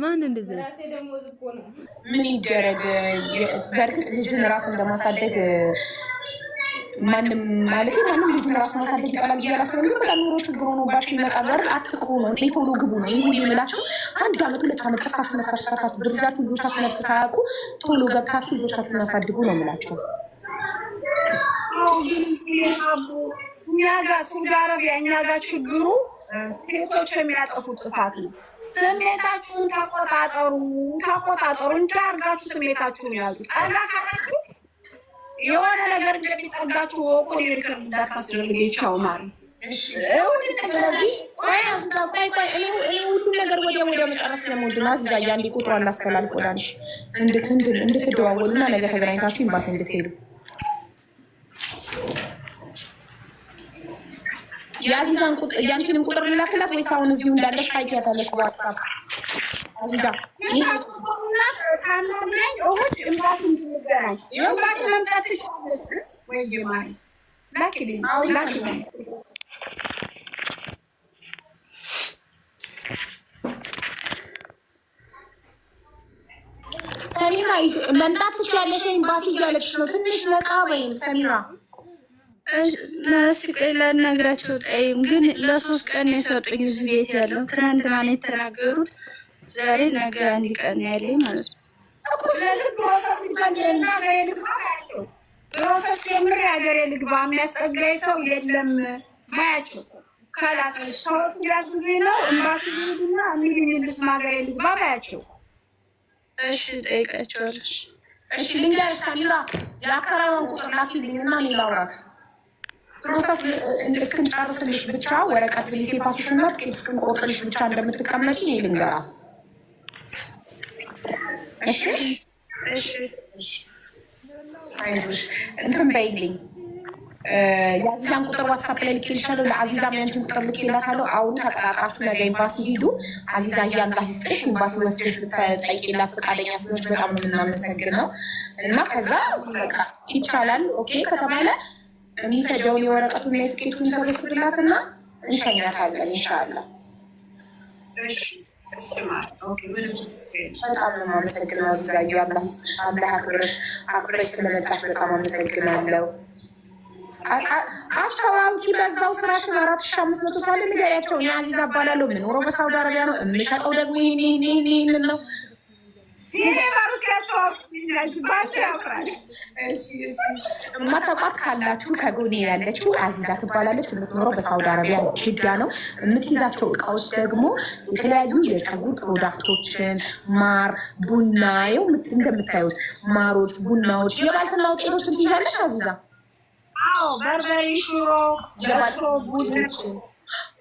ማን እንደዚህ ምን ይደረግ? በእርግጥ ልጁን ራሱን ለማሳደግ ማንም ማለት ማንም ልጁን ራሱ ማሳደግ ይጠላል ብዬ አላስብም። ግን በጣም ኑሮ ችግር ሆኖባቸው ይመጣሉ አይደል? አትቅሩ ነው እኔ ቶሎ ግቡ ነው የምላቸው። አንድ አመት ሁለት አመት ጥርሳችሁ ሰርታችሁ ብርዛችሁ ልጆቻችሁ ነፍስ ሳያውቁ ቶሎ ገብታችሁ ልጆቻችሁን አሳድጉ ነው የምላቸው። እኛ ጋር ሳውዲ አረቢያ እኛ ጋር ችግሩ ሴቶች የሚያጠፉት ጥፋት ነው። ስሜታችሁን ተቆጣጠሩ፣ ተቆጣጠሩ። እንዳርጋችሁ ስሜታችሁን ያዙ። ጠጋ ካላችሁ የሆነ ነገር እንደሚጠጋችሁ ወቆ ሊርከብ እንዳታስደርግ ይቻው ማለት ቆይ ቆይ ቆይ ሁሉም ነገር ወዲያ ወዲያ መጨረስ ስለምወድ ነው። አዝዛ እያንዴ ቁጥሯን ላስተላልፍ ወዳንሽ እንድትደዋወሉና ነገ ተገናኝታችሁ ኤምባሲ እንድትሄዱ የአዚዛን ያንቺንም ቁጥር ልላክላት ወይስ አሁን እዚሁ እንዳለሽ ሀይያታለሽ በዋትሳፕ አዚዛ ሰሚራ መምጣት ትችያለሽ። ኤምባሲ እያለች ነው። ትንሽ ነቃ በይም ሰሚራ ለስቀይ ላናግራቸው ጠይም ግን ለሶስት ቀን የሰጡኝ እዚህ ቤት ያለው ትናንትና ነው የተናገሩት። ዛሬ ነገ አንድ ቀን ያለኝ ማለት ነው። ሀገሬ ልግባ የሚያስጠጋኝ ሰው የለም ባያቸው ከላስ ሰዎች ጊዜ ነው እምባሱ ሄድና ሚል ሚልስ ሀገሬ ልግባ ባያቸው። እሺ ጠይቃቸዋለሽ። እሺ ልንገርሽ ሳሚራ የአከራዋን ቁጥር ላኪልኝና ሌላ ውራት ፕሮሰስ እስክንጨርስልሽ ብቻ ወረቀት ብሌሴ ፓስሽና ጥቂት እስክንቆርጥልሽ ብቻ እንደምትቀመጪ ልንገራት። እሺ እንትን በይልኝ። የአዚዛን ቁጥር ዋትሳፕ ላይ ልኬልሻለሁ። ለአዚዛ ያንቺን ቁጥር ልኬላታለሁ። አሁኑ ተቀጣጥራችሁ ነገ ኤምባሲ ሂዱ። አዚዛ እያላ ሂስጥሽ ኤምባሲ ወስደሽ ብትጠይቂላት ፈቃደኛ ስለሆንሽ በጣም ነው እና ከዛ ይቻላል ኦኬ ከተባለ የሚፈጀውን የወረቀቱን ላይ ትኬቱን ሰበስብላት እና እንሸኛታለን። ኢንሻላህ በጣም ነው የማመሰግነው። ዛዩ አላ አክብረሽ አክብረሽ ስለመጣሽ በጣም አመሰግናለው። አስተዋውቂ በዛው ስራሽን አራት ሺ አምስት መቶ ሳለ ንገሪያቸው። እኔ አዚዛ እባላለሁ። የምኖረው በሳውዲ አረቢያ ነው። የምሸጠው ደግሞ ይህን ይህን ይህንን ነው። ይሄ ባሩስ ያስተዋውቅ የማታውቋት ካላችሁ ከጎኔ ያለችው አዚዛ ትባላለች። የምትኖረው በሳውዲ አረቢያ ጅዳ ነው። የምትይዛቸው እቃዎች ደግሞ የተለያዩ የፀጉር ፕሮዳክቶችን፣ ማር፣ ቡና ው እንደምታዩት ማሮች፣ ቡናዎች፣ የባልትና ውጤቶችን ትይዛለች አዚዛ በርበሬ፣ ሽሮ፣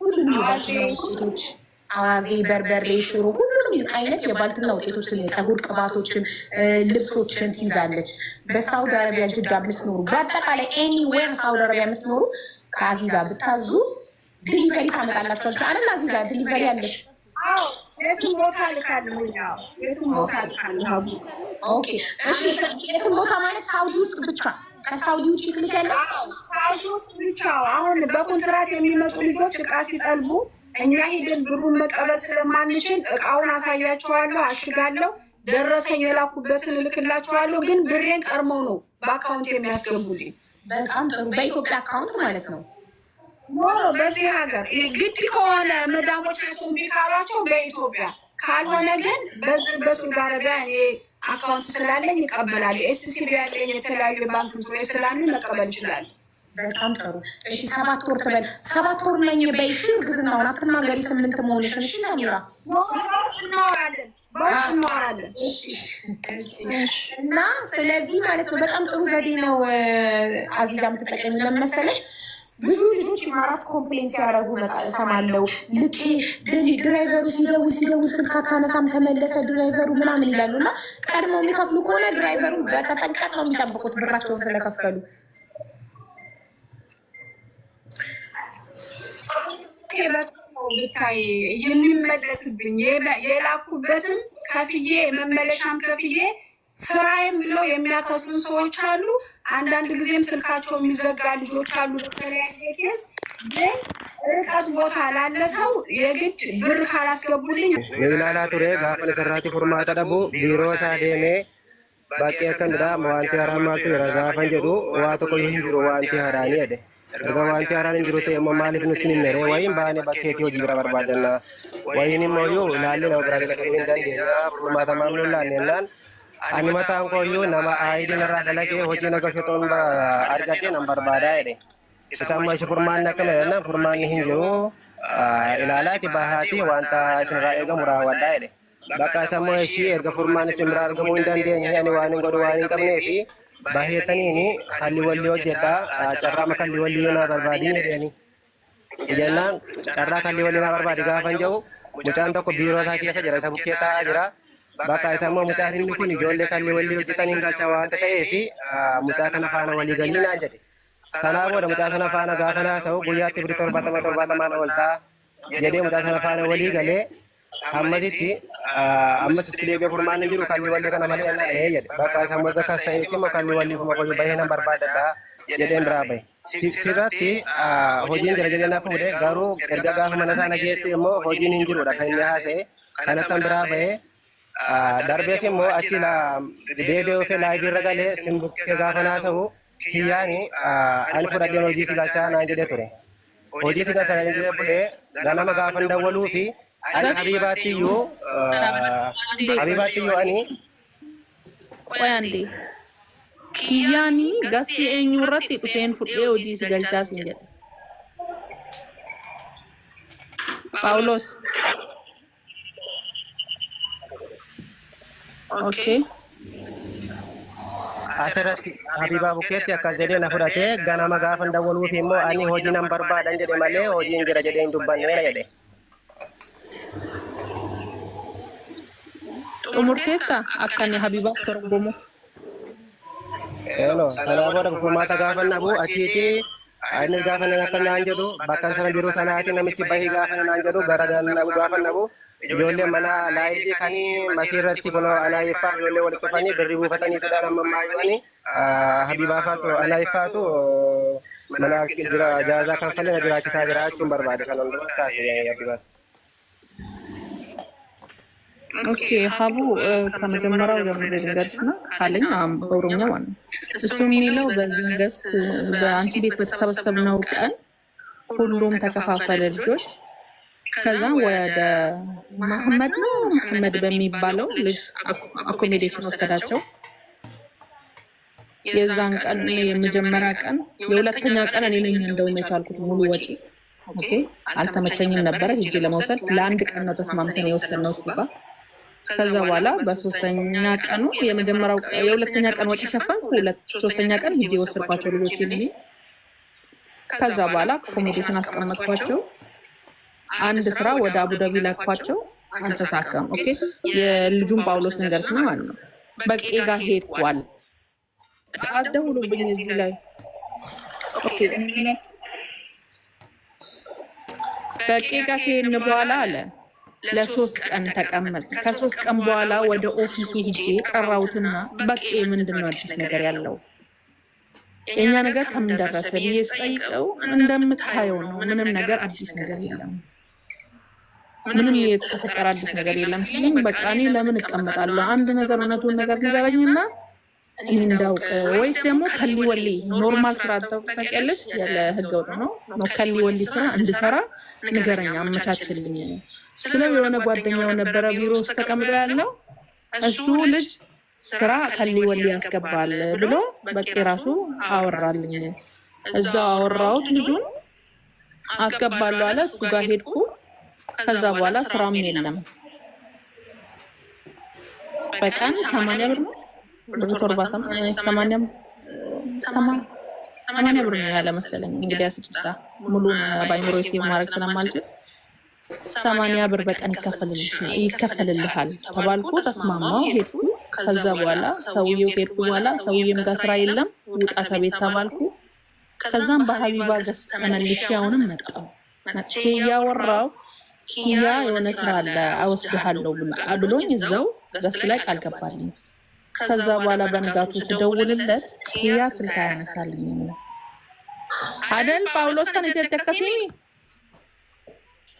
ሁሉም የባልትና ውጤቶች አዋዜ፣ በርበሬ፣ ሽሮ ሁሉ ሁሉንም አይነት የባልትና ውጤቶችን፣ የፀጉር ቅባቶችን፣ ልብሶችን ትይዛለች። በሳውዲ አረቢያ ጅዳ የምትኖሩ በአጠቃላይ ኤኒዌር ሳውዲ አረቢያ የምትኖሩ ከአዚዛ ብታዙ ዲሊቨሪ ታመጣላቸዋል። አለን አዚዛ ዲሊቨሪ አለሽ? ቦታ የትም ቦታ ማለት ሳውዲ ውስጥ ብቻ ከሳውዲ ውጭ ትልክ ያለ ሳውዲ ውስጥ ብቻ። አሁን በኮንትራት የሚመጡ ልጆች እቃ ሲጠልቡ እኛ ሄደን ብሩን መቀበል ስለማንችል እቃውን አሳያችኋለሁ፣ አሽጋለሁ፣ ደረሰኝ የላኩበትን እልክላችኋለሁ። ግን ብሬን ቀርመው ነው በአካውንት የሚያስገቡልኝ። በጣም ጥሩ። በኢትዮጵያ አካውንት ማለት ነው። በዚህ ሀገር ግድ ከሆነ መዳሞቻቸው ቢካሏቸው በኢትዮጵያ ካልሆነ ግን በዚህ በሱድ አረቢያ እኔ አካውንት ስላለኝ ይቀበላሉ። ኤስቲሲቢ ያለኝ የተለያዩ የባንክ ስላሉ መቀበል ይችላል። በጣም ጥሩ። እሺ ሰባት ወር ትበል ሰባት ወር ነኝ በይ። እሺ እርግዝናውን አትናገሪ ስምንት መሆንሽን። እሺ ሰሚራ እና ስለዚህ ማለት ነው በጣም ጥሩ ዘዴ ነው አዚዛ የምትጠቀሚ ለመሰለሽ ብዙ ልጆች ማራት ኮምፕሌን ሲያደርጉ እሰማለሁ። ልክ ድራይቨሩ ሲደውል ሲደውል ስልክ አታነሳም ተመለሰ ድራይቨሩ ምናምን ይላሉ። እና ቀድሞ የሚከፍሉ ከሆነ ድራይቨሩ በተጠንቀቅ ነው የሚጠብቁት ብራቸውን ስለከፈሉ የሚመለስብኝ የላኩበትን ከፍዬ መመለሻም ከፍዬ ስራዬም ብለው የሚያከፍሉን ሰዎች አሉ። አንዳንድ ጊዜም ስልካቸው የሚዘጋ ልጆች አሉ። ርቀት ቦታ ላለ ሰው የግድ ብር ካላስገቡልኝ ሚላላ ቱሬ ጋፈለ ሰራቲ ፉርማታ ደቦ ቢሮ ሳዴሜ ባቄ ከንዳ መዋንቲ ሀራማቱ ረጋፈን ጀዱ ዋቶኮ ይህ ቢሮ ዋንቲ ሀራኒ ደ erga wanti haaraan hin jiru ta'e immoo maaliif nutti hin mere wayiin baanee bakkeetti hojii bira barbaadanna wayiin immoo yoo ilaallee nama biraa galaquu hin dandeenya furmaata maamluu ilaallennaan ani mataan kooyyuu nama aayidiin irraa dalagee hojii nagafetoon argadee nan barbaadaa jedhe isaan mashi furmaanni akkana jedhan furmaanni hin jiru ilaalaati bahaati wanta isinirraa eegamu raawwadhaa jedhe bakka sammoo ishii erga furmaanni isin biraa argamuu hin dandeenye ani waan hin godhu waan hin qabneefi baay'atanii kalli walii hojjedha carraa makalli walii yoo na barbaadi jedhanii jennaan carraa kalli walii na barbaadi gaafan jedhu mucaan tokko biiroo isaa keessa jira isa bukkee taa'aa jira. Bakka isa immoo mucaan inni kun ijoollee kalli walii hojjetan hin galcha waan ta'ee fi mucaa kana faana walii galii naan jedhe. Sanaa booda mucaa sana faana gaafa naasa'u guyyaatti birri torbaatama torbaatamaan ol ta'a jedhee mucaa sana faana walii galee ammasitti ammas itti deebi'ee furmaanni jiru kan walii kana malee yaalaa ee jedhe bakka isa mirga kas ta'ee itti kan walii fi makoyyuu baay'ee nan barbaadadha jedheen biraa bahe. Sirratti hojiin jira jireenya fuudhee garuu erga gaafa mana sana keessi immoo hojiin hin jirudha kan inni haasa'e kanattan biraa bahe. Darbees immoo achi deebi'ee ofii laayivii irra galee simbukkee gaafa naasa'u kiyyaani ani fudhadheen hojii si galchaa naan jedhee ture. Hojii si galchaa naan jedhee bulee ganama gaafa dawwaluu fi అని అభిబాతియు eh, Ani. ani, Wayanti. Kiyani gasti eenyurratti usain fudhee di si galchaas hin Paulos Oke Okay. Asirratti Habibaa Bukkeetti akkas jedhee na fudhatee ganama gaafan dawwaluuf immoo ani hojii nan barbaadan jedhe malee hojiin jira jedhee hin dubbanne Xumurteetta akkan Habibaaf torgomuuf. Hello, salaam alaikum. Furmaata gaafa naboo achii fi inni gaafa nan akka naan jedhu bakka sana jiru sanaati namichi bahii gaafa naan jedhu gara gaafa naboo ijoollee mana laayifii kan masiirratti kun alaayiffaa ijoollee walitti dhufanii birrii buufatanii tidhaa lama maayyoanii Habibaafaatu alaayiffaatu mana jira jaazaa kan falle na jiraachisaa jira jechuun barbaade kan hundumaa taasise Habibaatti. ኦኬ ሀቡ ከመጀመሪያው ጀምሮ ልንገርሽ ነው ካለኝ በኦሮምኛ ማለት ነው። እሱ የሚለው በዚህ ገስት በአንቺ ቤት በተሰበሰብነው ቀን ሁሉም ተከፋፈለ ልጆች። ከዛ ወደ መሐመድ ነው መሐመድ በሚባለው ልጅ አኮሜዴሽን ወሰዳቸው። የዛን ቀን የመጀመሪያ ቀን የሁለተኛ ቀን እኔ ነኝ እንደውም የቻልኩት ሙሉ ወጪ አልተመቸኝም ነበረ ሂጄ ለመውሰድ ለአንድ ቀን ነው ተስማምተን የወሰድነው እሱ ጋር ከዛ በኋላ በሶስተኛ ቀኑ የመጀመሪያው የሁለተኛ ቀን ወጪ ሸፈንኩ። ሶስተኛ ቀን ሂጄ ወሰድኳቸው ልጆች ል ከዛ በኋላ ኮሚዴሽን አስቀመጥኳቸው። አንድ ስራ ወደ አቡዳቢ ላኳቸው። አልተሳካም። ኦኬ የልጁን ጳውሎስ ልንገርሽ ነው ማለት ነው። በቄ ጋር ሄድኳል። አደውሉብኝ እዚህ ላይ በቄ ጋር ሄድን በኋላ አለ ለሶስት ቀን ተቀመጥ። ከሶስት ቀን በኋላ ወደ ኦፊሱ ሂጄ ጠራሁትና በቄ ምንድን ነው አዲስ ነገር ያለው የእኛ ነገር ከምን ደረሰ ብዬ ስጠይቀው እንደምታየው ነው፣ ምንም ነገር አዲስ ነገር የለም፣ ምንም የተፈጠረ አዲስ ነገር የለም። ግን በቃ እኔ ለምን እቀመጣለሁ? አንድ ነገር እውነቱን ነገር ንገረኝና እኔ እንዳውቅ ወይስ ደግሞ ከሊ ወሌ ኖርማል ስራ ታውቂያለሽ? ያለ ህገወጥ ነው ከሊ ወሌ ስራ እንድሰራ ንገረኛ፣ አመቻችልኝ ስለው የሆነ ጓደኛው ነበረ ቢሮ ውስጥ ተቀምጦ ያለው እሱ ልጅ ስራ ከሌ ወሌ ያስገባል ብሎ በቂ ራሱ አወራልኝ። እዛው አወራሁት ልጁን አስገባሉ አለ። እሱ ጋር ሄድኩ። ከዛ በኋላ ስራም የለም። በቀን ሰማንያ ብር ነው ቶርባ ሰማንያ ብር ነው ያለ መሰለኝ። እንግዲህ ስድስታ ሙሉ ባይምሮ ሴቭ ማድረግ ስለማልችል ሰማንያ ብር በቀን ይከፈልልሃል ተባልኩ። ተስማማው ሄድኩ። ከዛ በኋላ ሰውየው ሄድኩ በኋላ ሰውየም ጋር ስራ የለም ውጣ ከቤት ተባልኩ። ከዛም በሀቢባ ገስ ተመልሼ አሁንም መጣሁ። መጥቼ እያወራው ኪያ የሆነ ስራ አለ አወስድሃለሁ ብሎኝ እዛው ገስ ላይ ቃል ገባልኝ። ከዛ በኋላ በንጋቱ ስደውልለት ኪያ ስልክ አያነሳልኝም። አደል ጳውሎስ ከን የተጠቀሲ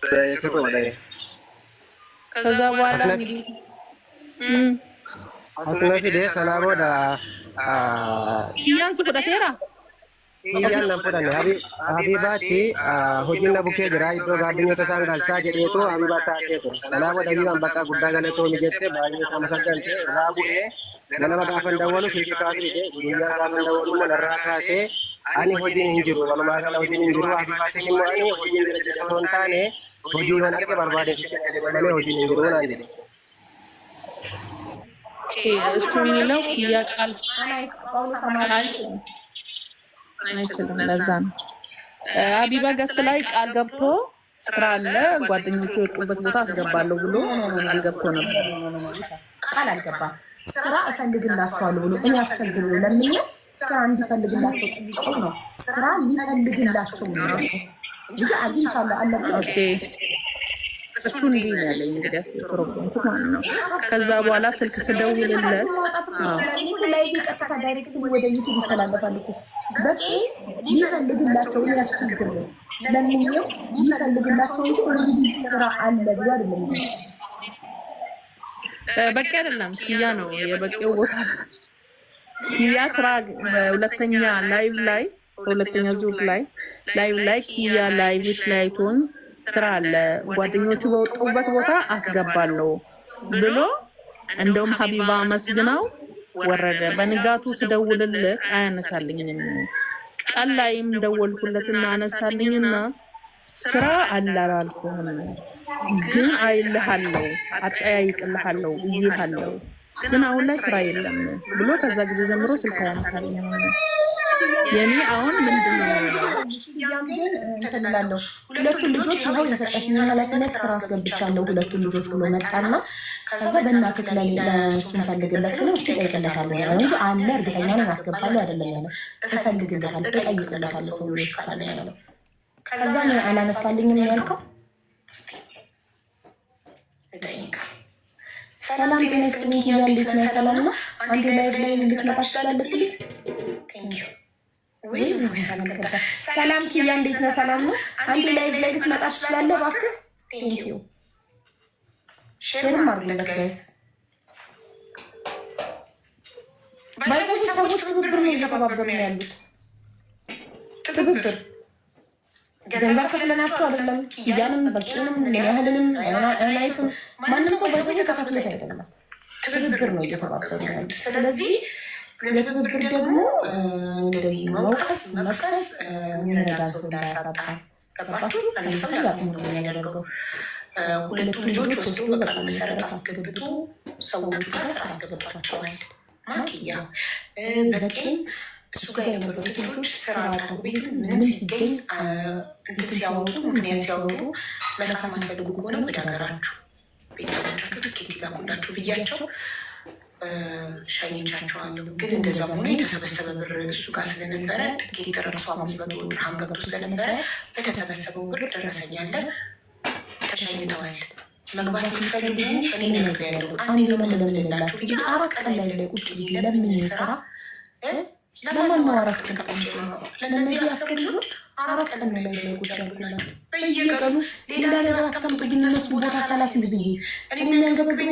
ከዛ በኋላ hojiin bukee jira iddoo gaaddinyota isaan galchaa jedheetu habiba taasee ture. Salaama dhabiibaan bakka guddaa galatti hoji jettee baay'ee isaa masaggante irraa bu'ee ganama gaafa hin dawwalu fiigee kaasuu guyyaa gaafa hin dawwalu immoo narraa kaasee ani hojiin hin jiru walumaa gala hojiin hin jiru habibaasas immoo ani hojiin jira jedhe hin taane hojii waan arge barbaade sitti jedhe malee hojiin hin jiru naan jedhe እሱ የሚለው ያቃል አይችልም። ለዛ ነው ሀቢባ ገስት ላይ ቃል ገብቶ ስራ አለ ጓደኞቹ የወጡበት ቦታ አስገባለሁ ብሎ ቃል ገብቶ ነበር። ቃል አልገባም። ስራ እፈልግላቸዋለሁ ብሎ እኔ አስቸግሩ ለምኛው ስራ እንዲፈልግላቸው ጠይቀው ነው። ስራ ሊፈልግላቸው ነው እንጂ አግኝቻለሁ አለ እሱ እንዲህ ያለኝ። እንግዲህ ፕሮግራምኩ ማለት ነው። ከዛ በኋላ ስልክ ስደውልለት ላይ ቀጥታ ዳይሬክት ወደ ዩቱብ ይተላለፋል እኮ በቂ ሊፈልግላቸው ያስቸግር ነው ለምኛው ሊፈልግላቸው እንጂ ኦልሬዲ ስራ አለ ብሎ አይደለም። በቂ አይደለም። ክያ ነው የበቂው ቦታ ኪያ ስራ ሁለተኛ ላይቭ ላይ ሁለተኛ ዙር ላይ ላይቭ ላይ ኪያ ላይቭሽ ላይ ሆን ስራ አለ ጓደኞቹ በወጡበት ቦታ አስገባለሁ ብሎ እንደውም ሀቢባ መስግነው ወረደ። በንጋቱ ስደውልልህ አያነሳልኝም። ቀን ላይም ደወልኩለትና አነሳልኝና ስራ አለ ግን አይልሃለው አጠያይቅልሃለው እይሃለሁ ግን አሁን ላይ ስራ የለም ብሎ ከዛ ጊዜ ጀምሮ ስልክ ያነሳል። የኔ አሁን ምንድን ነው ግን እንትን እላለሁ። ሁለቱን ልጆች ይኸው የሰጠሽኝ ኃላፊነት ስራ አስገብቻለሁ ሁለቱን ልጆች ብሎ መጣና ከዛ በእናትህ ለእሱ እንፈልግለት ስለ ውስጥ እጠይቅለታለሁ ያለው እንጂ አለ እርግጠኛ ነኝ አስገባለሁ አይደለም ያለው እፈልግለታለሁ፣ እጠይቅለታለሁ ሰው ካለ ያለው ከዛ አላነሳልኝም ያልከው ሰላም ጤና ይስጥልኝ። እንዴት ነህ? ሰላም ነው? አንድ ላይቭ ላይ እንድትመጣ ትችላለህ ፕሊዝ? ሰላም ኪያ፣ እንዴት ነህ? ሰላም ነው? አንድ ላይቭ ላይ ልትመጣ ትችላለህ እባክህ? ቴንክ ዩ ሼርም አድርጉለት ጋይስ። ባይዘ ሰዎች ትብብር ነው እየተባበሩ ነው ያሉት ትብብር ገንዘብ ከፍለናቸው አይደለም። ክያንም በቂንም ያህልንም ላይፍም ማንም ሰው በዘ ተከፍለት አይደለም። ትብብር ነው እየተባበሩ ያሉ። ስለዚህ ለትብብር ደግሞ እንደዚህ መውቀስ፣ መክሰስ የሚረዳን ሰው እንዳያሳጣን ገባችሁ? ሰው ያቅሙ ነው የሚያደርገው። ሁለቱ ልጆች ወስዶ በቃል መሰረት አስገብቶ ሰዎቹ ጋር አስገብቷቸዋል። ማክያ በቂም እሱ ጋር የነበሩት ልጆች ስራ ጸጉር ቤት ምንም ሲገኝ እንትን ሲያወጡ ምክንያት ሲያወጡ መጽሐፍ የማትፈልጉ ከሆነ ወደ ሀገራችሁ ቤተሰቦቻችሁ ትኬት ይላኩላችሁ ብያቸው ሸኝቻቸዋለሁ። ግን እንደዛ ሆኖ የተሰበሰበ ብር እሱ ጋር ስለነበረ ትኬት ረሱ አምስት መቶ ድርሃም ገብቶ ስለነበረ በተሰበሰበው ብር ደረሰኛለ ተሸኝተዋል። መግባት የምትፈልጉ እኔ ነገር ያለው አንዴ ለመለመልላችሁ አራት ቀን ላይ ቁጭ ለምን ስራ ለማን ነው አራት ቀን ቀንጀምሮ ለእነዚህ አስር ልጆች አራት ቀን ላይ ላይጎች ያልኩላት በየቀኑ ሌላ ነገር አታምጡብኝ። እነሱ ቦታ ሰላሲዝ ብዬ እኔ የሚያንገበግበ